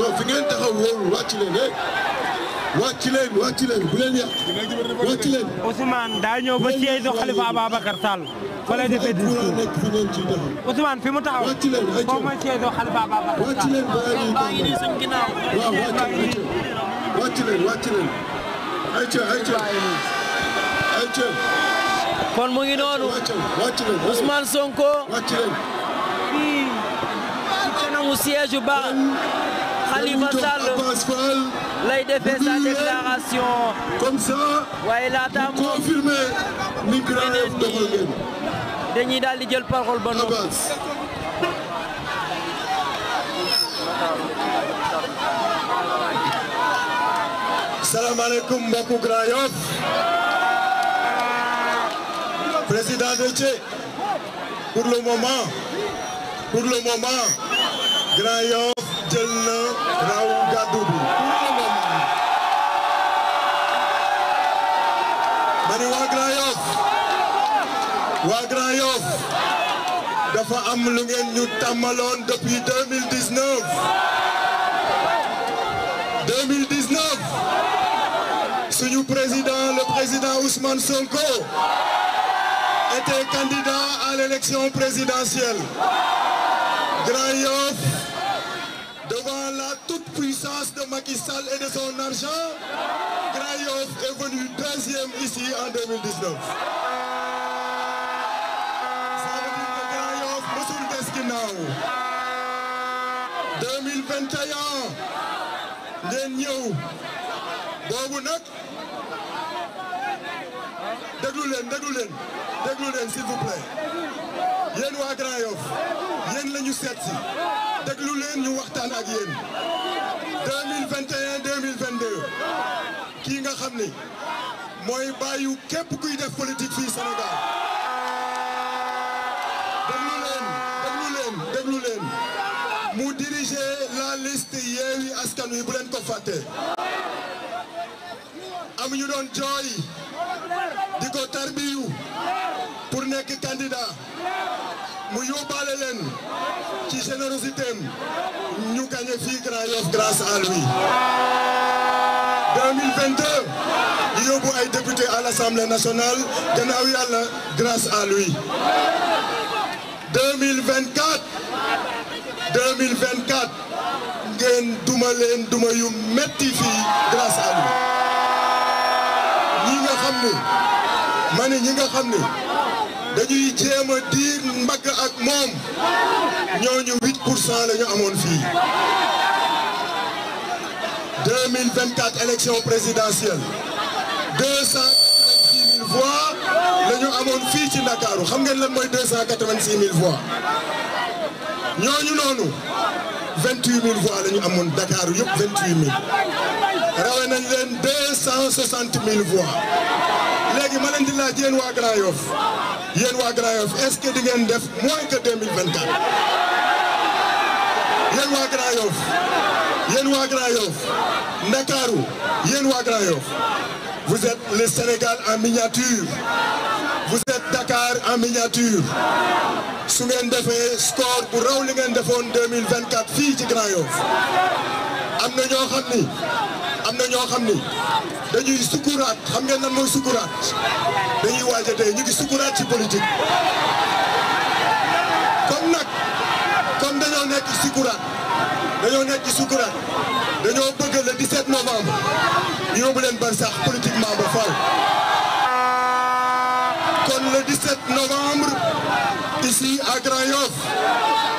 non fi ngeen taxaw wóorul wàcc leen eh. wàcc leen wàcc leen bu leen yàq wàcc leen. Ousmane daa ñëw ba siège Khalifa Ababacar Sall. fa lay defee discours Ousmane fi mu taxaw. wàcc leen ay coono moom mooy siège Khalifa Ababacar Sall. wàcc leen waaw leen wàcc leen ay coono leen Ousmane Sonko. wàcc Khalifa Sall lay defee sa déclaration comme ça waaye laata mu confirmé ñeneen ñi dañuy daal di jël parole ba noonu. salaamaaleykum mbokku Grand Yoff président de Thié pour le moment pour le moment Grand Yoff jël na raw gàddu bi ma ni waa Grand dafa am lu ngeen ñu depuis 2019 2019 président le président Ousmane Sonko était candidat à l'élection présidentielle Macky Sall et de son argent, Grayoff est en 2019. Ça veut dire que nag déglu leen déglu leen déglu leen s'il vous plaît yéen waa Grayoff yéen la ñu seet si déglu leen ñu waxtaan ak yéen. 2021 2022 kii nga xam ni mooy bàyyu képp kuy def politique fii Sénégal déglu leen déglu leen leen mu diriger la liste Yewwi Askan Wi bu leen ko fàtte am ñu doon jooy di ko tarbiyu pour nekk candidat mu yóbbaale leen ci générosité am ñu gagné fii Grand Yoff grâce à lui. 2022 ñu yóbbu ay député à l'Assemblée nationale duma leen duma yu metti fii grâce à lui ñi nga xam ni ma ñi nga xam ni. dañuy jéem a diir mbagg ak moom ñooñu 8 pour cent la amoon fii 2024 élection présidentielle 286 000 voix la ñu amoon fii ci Ndakaaru xam ngeen lan mooy 286 000 voix ñooñu noonu 28 000 voix la ñu amoon Ndakaaru yëpp 28 000 rawe nañ leen 260 000 voix léegi ma leen di laaj yéen waa Grand Yoff yéen waa Grand Yoff est-ce que di ngeen def moins que 2024 yéen waa Grand Yoff yéen waa Grand Yoff Ndakaaru yéen waa Grand Yoff vous êtes le Sénégal en miniature vous êtes Dakar en miniature su ngeen defee score bu raw li ngeen defoon 2024 fii ci Grand Yoff am na ñoo xam ni am na ñoo xam ni dañuy sukuraat xam ngeen nan mooy dañuy waaj a dee ñu ngi sukuraat ci politique comme nag dañoo nekk sukuraat dañoo nekk sukuraat dañoo bëgg le 17 novembre ñu yóbbu leen ban sax politiquement ba faaw kon le 17 novembre ici à Grand-Yoff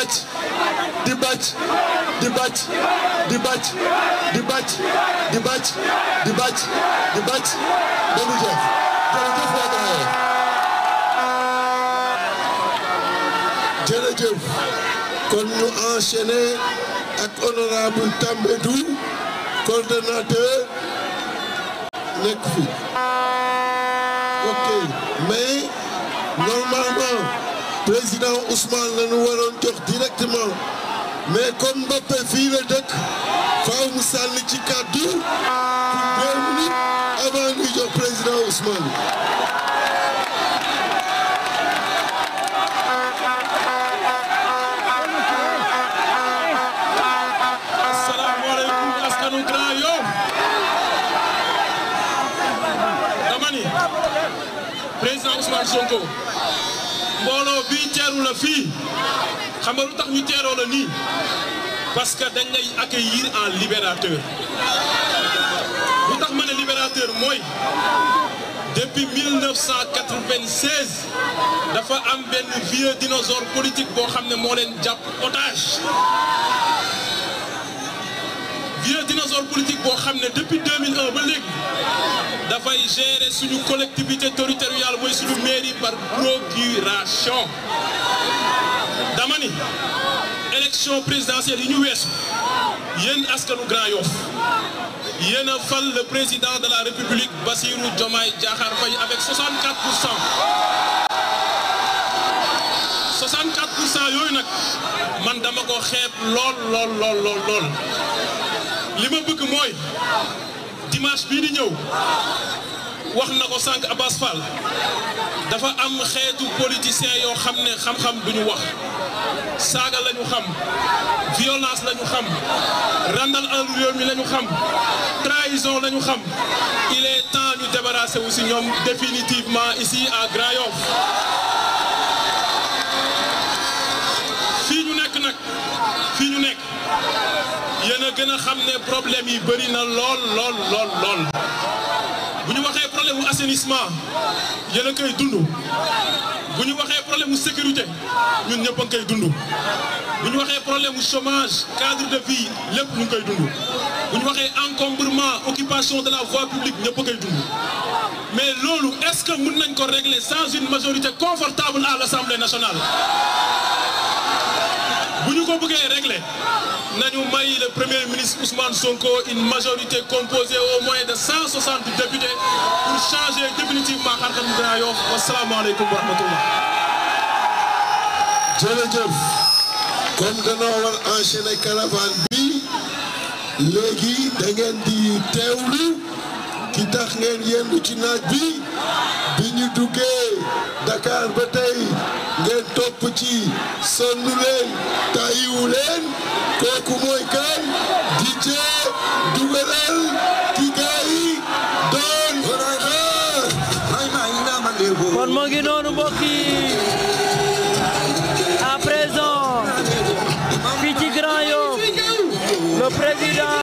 bàcc di bàcc di bàcc di bàcc di kon ñu enchaîné ak honorable Tambédou coordonnateur nekk fi ok mais normalement président Ousmane la ñu waroon jox directement mais comme Mbappé fii la dëkk faaw mu sànni ci kàddu pour deux minutes avant ñuy jox président Ousmane. asalaamaaleykum askanu Grand Yoff. dama ni président Ousmane Sonko. mbooloo bi teeru la fii xam nga lu tax ñu teeroo la nii parce que dañ lay accueillir en libérateur lu tax ma ne libérateur mooy depuis 1996 dafa am benn vieux dinosaure politique boo xam ne moo leen jàpp otage vieux dinosaure politique boo xam ne depuis 2001 ba léegi dafay gérer suñu collectivité territoriale mooy suñu mairie par procuration dama ni élection présidentielle yi ñu weesu yéen askanu Grand Yoff yéen a fal le président de la République Bassirou Diomaye Diakhar Faye avec 64 pour cent 64 pour cent yooyu nag man dama ko xeeb lool lool lool lool lool li ma bëgg mooy dimanche bii di ñëw wax na ko sànq Abass dafa am xeetu politicien yoo xam ne xam-xam du ñu wax saaga la ñu xam violence la ñu xam randal alalu réew mi la ñu xam trahison la xam il est temps ñu débarrasser wu si ñoom définitivement ici à Grand Yoff fii ñu nekk nag fii ñu nekk yéen a gën a xam ne problème yi bëri na lool lool lool lool bu ñu waxee problème mu assainissement yéen a koy dund bu ñu waxee problème mu sécurité ñun ñëpp ngi koy dund bu ñu waxee problème mu chômage cadre de vie lépp ñu koy dund bu ñu waxee encombrement occupation de la voie publique ñëpp a koy dund mais loolu est-ce que mun nañ ko régler sans une majorité confortable à l'Assemblée nationale bu ñu ko bëggee régler nañu may le premier ministre Ousmane Sonko une majorité composée au moins de 160 députés pour changer définitivement xar-xarum Grand Yoff wasalaamaaleykum wa rahmatullah. jërëjëf kon danoo war enchaîner caravane bi léegi da ngeen di teewlu. ki tax ngeen yendu ci naaj bi bi ñu duggee Dakar ba tey ngeen topp ci sonn leen tàyyiwu leen kooku mooy kan DJ